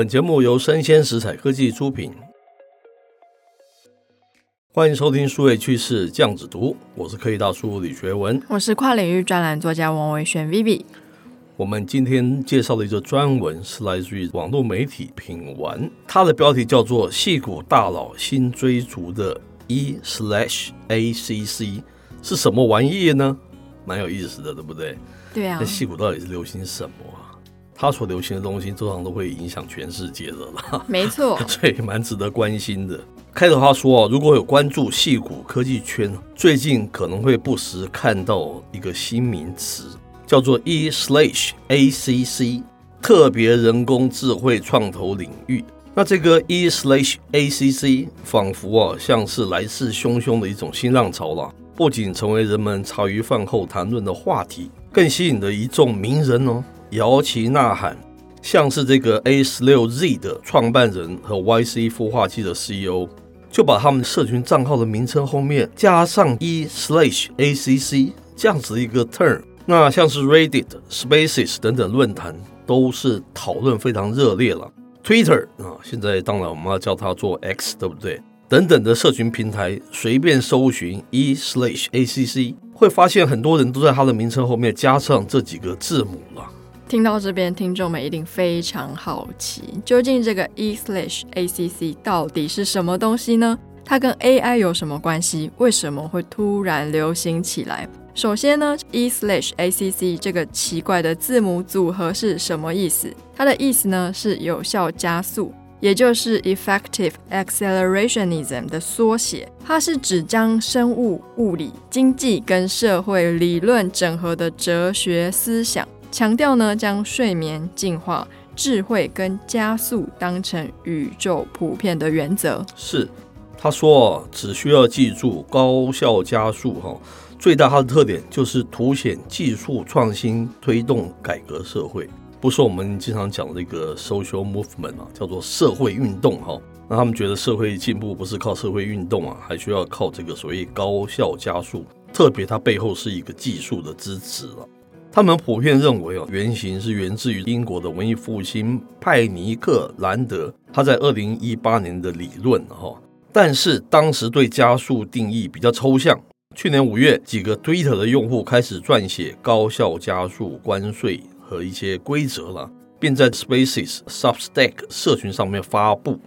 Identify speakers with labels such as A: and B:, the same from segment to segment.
A: 本節目由聲鮮時采科技出品，歡迎收聽數位趨勢醬子讀，我是科技大叔李學文，
B: 我是跨領域專欄作家王偉軒 Vivi。
A: 我們今天介紹的一個專文是來自於網絡媒體品玩，它的標題叫做“矽谷大佬新追逐的 E Slash ACC 是什麼玩意呢？蠻有意思的，對不對？對啊，那矽谷到底是流行什麼？啊？他所流行的東西，通常都會影響全世界的了沒錯。沒錯，這也蠻值得關心的。開頭他說啊，如果有關注矽谷科技圈，最近可能會不時看到一個新名詞，叫做 E slash A C C，特別人工智慧創投領域。那這個 E slash A C C 仿佛啊，像是來勢洶洶的一種新浪潮啦。不僅成為人們茶餘飯後談論的話題，更吸引了一眾名人哦。搖旗吶喊，像是這個 A 十六 Z 的創辦人和 YC 孵化器的 CEO，就把他們社群賬號的名稱後面加上 e slash a c c 這樣子一個 term。那像是 Reddit、Spaces 等等論壇都是討論非常熱烈了。Twitter 啊，現在當然我們要叫它做 X，對不對？等等的社群平台，隨便搜尋 e slash a c c，會發現很多人都在它的名稱後面加上這幾個字母了。
B: 聽到這邊，聽眾們一定非常好奇，究竟這個 E slash ACC 到底是什麼東西呢？它跟 AI 有什麼關係？為什麼會突然流行起來？首先呢，E slash ACC 這個奇怪的字母組合是什麼意思？它的意思呢，是有效加速，也就是 Effective Accelerationism 的縮寫。它是指將生物、物理、經濟跟社會理論整合的哲學思想。強調呢，將睡眠進化、智慧跟加速當成宇宙普遍的原則。
A: 是，他說啊，只需要記住高效加速哈，最大它的特點就是凸顯技術創新推動改革社會。不是我們經常講這個 social movement 啊，叫做社會運動哈。那他們覺得社會進步不是靠社會運動啊，還需要靠這個所謂高效加速，特別它背後是一個技術的支持啊。他們普遍認為，哦，原型是源自於英國的文藝復興派尼克蘭德，他在二零一八年的理論，哈。但是當時對加速定義比較抽象。去年五月，幾個 Twitter 的用戶開始撰寫高效加速關稅和一些規則了便，並在 Spaces Substack 社群上面發布。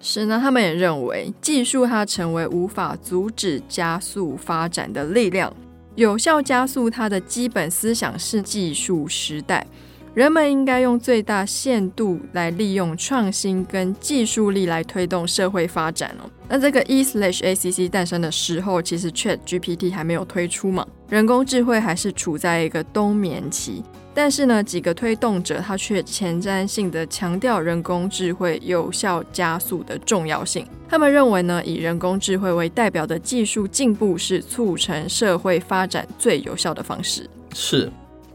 B: 是呢，他們也認為技術它成為無法阻止加速發展的力量。有效加速它的基本思想是技術時代，人們應該用最大限度來利用創新跟技術力來推動社會發展哦。那這個 E slash A C C 誕生的時候，其實 Chat G P T 還沒有推出嘛，人工智慧還是處在一個冬眠期。但是呢，幾個推動者他卻前瞻性的強調人工智慧有效加速的重要性。他們認為呢，以人工智慧為代表的技術進步是促成社會發展最有效的方式。
A: 是，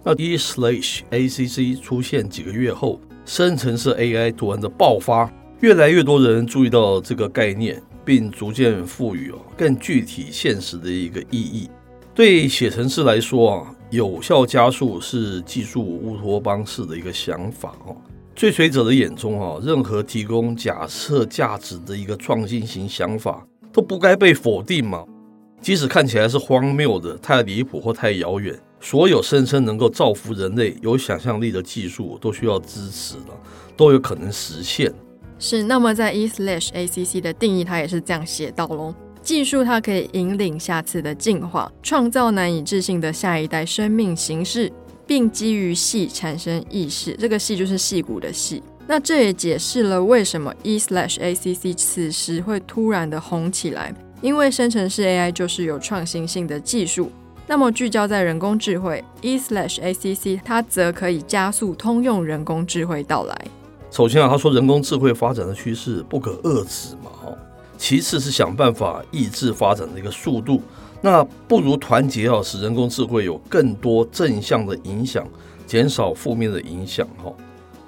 A: 那 E slash A C C 出現幾個月後，深層次 AI 突然的爆發，越來越多人注意到這個概念，並逐漸賦予哦更具體現實的一個意義。對寫程式來說啊。有效加速是技術烏托邦式的一個想法哦。追隨者的眼中啊、哦，任何提供假設價值的一個創新型想法都不該被否定嘛，即使看起來是荒謬的，太離譜或太遙遠。所有聲稱能夠造福人類、有想象力的技術都需要支持的，都有可能實現。
B: 是，那麼在 e/acc 的定義，它也是這樣寫到嘍。技術它可以引領下次的進化，創造難以置信的下一代生命形式，並基於矽產生意識。這個矽就是矽谷的矽。那這也解釋了為什麼 E Slash A C C 此時會突然的紅起來，因為生成式 A I 就是有創新性的技術。那麼聚焦在人工智慧，E Slash A C C 它則可以加速通用人工智慧到來。
A: 首先啊，他說人工智慧發展的趨勢不可遏制嘛，哈。其次是想辦法抑制發展的一個速度，那不如團結啊，使人工智慧有更多正向的影響，減少負面的影響哈。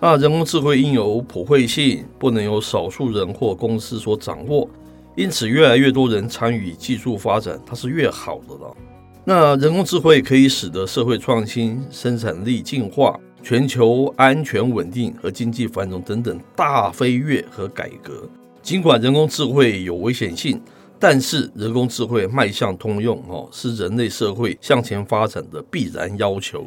A: 那人工智慧應有普惠性，不能由少數人或公司所掌握，因此越來越多人參與技術發展，它是越好的了。那人工智慧可以使得社會創新、生產力進化、全球安全穩定和經濟繁榮等等大飛躍和改革。儘管人工智慧有危險性，但是人工智慧邁向通用哦，是人類社會向前發展的必然要求。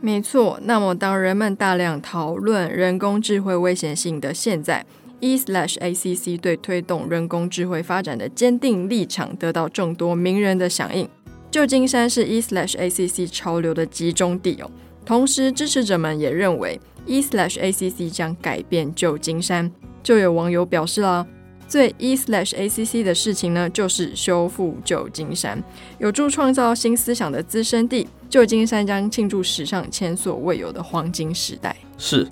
B: 沒錯。那麼，當人們大量討論人工智慧危險性的現在，E Slash A C C 對推動人工智慧發展的堅定立場得到眾多名人的響應。舊金山是 E Slash A C C 潮流的集中地哦。同時，支持者們也認為 E Slash A C C 將改變舊金山。就有網友表示了。最 e slash acc 的事情呢，就是修復舊金山，有助創造新思想的滋生地。舊金山將慶祝史上前所未有的黃金時代。
A: 是，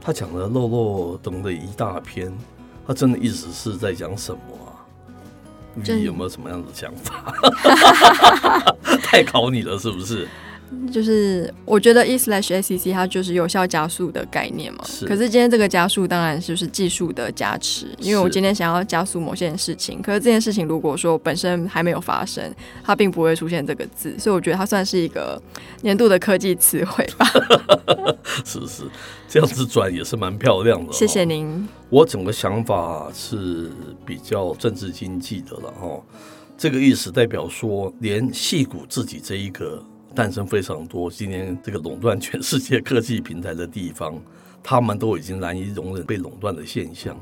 A: 他講的漏漏懂的一大篇，他真的意思是在講什麼啊？你真 有沒有什麼樣的想法？ 太考你了，是不是？
B: 就是我覺得 e/acc 它就是有效加速的概念嘛。是。可是今天這個加速當然就是技術的加持，因為我今天想要加速某件事情，可是這件事情如果說本身還沒有發生，它並不會出現這個字，所以我覺得它算是一個年度的科技詞彙吧。
A: 是是，這樣子轉也是蠻漂亮的。謝謝您。我整個想法是比較政治經濟的了哈，這個意思代表說，連矽谷自己這一個。誕生非常多，今年這個壟斷全世界科技平台的地方，他們都已經難以容忍被壟斷的現象。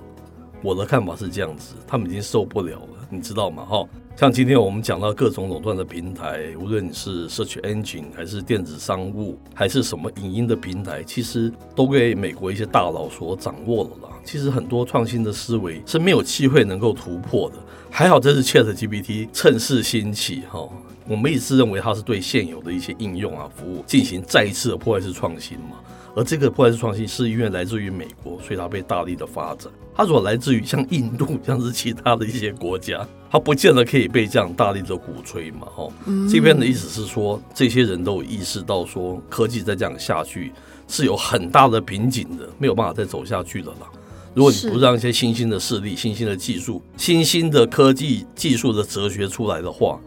A: 我的看法是這樣子，他們已經受不了了，你知道嗎？哈，像今天我們講到各種壟斷的平台，無論你是 search engine 還是電子商務，還是什麼影音的平台，其實都被美國一些大佬所掌握了啦。其實很多創新的思維是沒有機會能夠突破的。還好，這是 Chat GPT 趁勢興起哈、哦，我們也是認為它是對現有的一些應用啊、服務進行再一次的破壞式創新嘛。而這個破壞式創新是因為來自於美國，所以它被大力的發展。它如果來自於像印度、像是其他的一些國家，它不見得可以被這樣大力的鼓吹嘛，哈、哦。嗯、這邊的意思是說，這些人都有意識到說，科技再這樣下去是有很大的瓶頸的，沒有辦法再走下去的了啦。如果你不讓一些新興的勢力、新興的技術、新興的科技技術的哲學出來的話，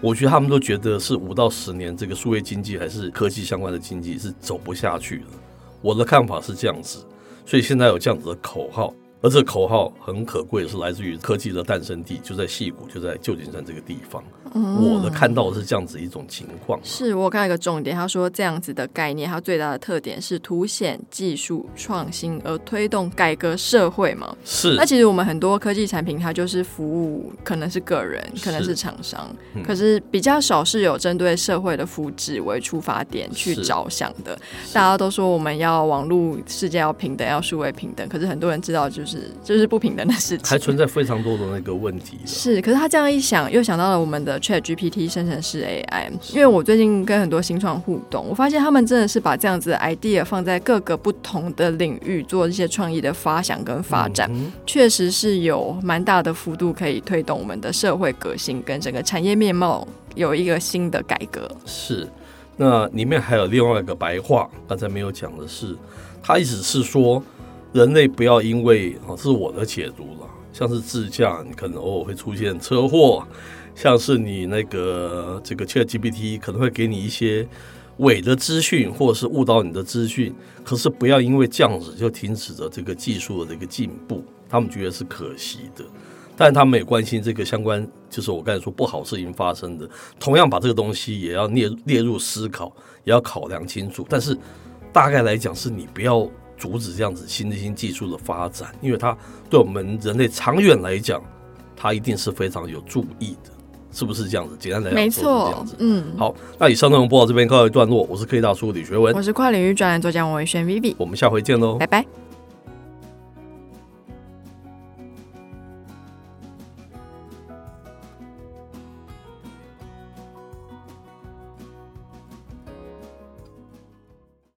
A: 我覺得他們都覺得是五到十年這個數位經濟還是科技相關的經濟是走不下去的。我的看法是這樣子，所以現在有這樣子的口號。而這口號很可貴，是來自於科技的誕生地，就在矽谷，就在舊金山這個地方。嗯，我的看到的是這樣子一種情況、
B: 啊。是，我看到一個重點，他說這樣子的概念，它最大的特點是凸顯技術創新而推動改革社會嘛？是。那其實我們很多科技產品，它就是服務可能是個人，可能是廠商，是嗯、可是比較少是有針對社會的福祉為出發點去着想的。大家都說我們要網絡世界要平等，要數位平等，可是很多人知道就是。是，就是不平等的事情，
A: 還存在非常多的那個問題。
B: 是，可是他這樣一想，又想到了我們的 ChatGPT 生成式 AI。是因為我最近跟很多新創互動，我發現他們真的是把這樣子的 idea 放在各個不同的領域，做一些創意的發想跟發展，確、嗯、哼實是有蠻大的幅度可以推動我們的社會革新跟整個產業面貌有一個新的改革。
A: 是，那裡面還有另外一個白話，剛才沒有講的是，他意思是說。人類不要因為啊，這、哦、是我的解讀了。像是自駕，你可能偶爾會出現車禍；像是你那個這個 ChatGPT，可能會給你一些偽的資訊，或者是誤導你的資訊。可是不要因為這樣子就停止了這個技術的這個進步，他們覺得是可惜的。但他們也關心這個相關，就是我剛才說不好事情發生的，同樣把這個東西也要列入列入思考，也要考量清楚。但是大概來講，是你不要。阻止這樣子新新技術的發展，因為它對我們人類長遠來講，它一定是非常有助益的，是不是這樣子？簡單來講，沒錯，
B: 嗯。
A: 好，那以上內容播到這邊告一段落，我是科技大叔李學文，我是
B: 跨領域專欄作家王薇瑄 Vivi 我
A: 們下回見嘍，拜
B: 拜。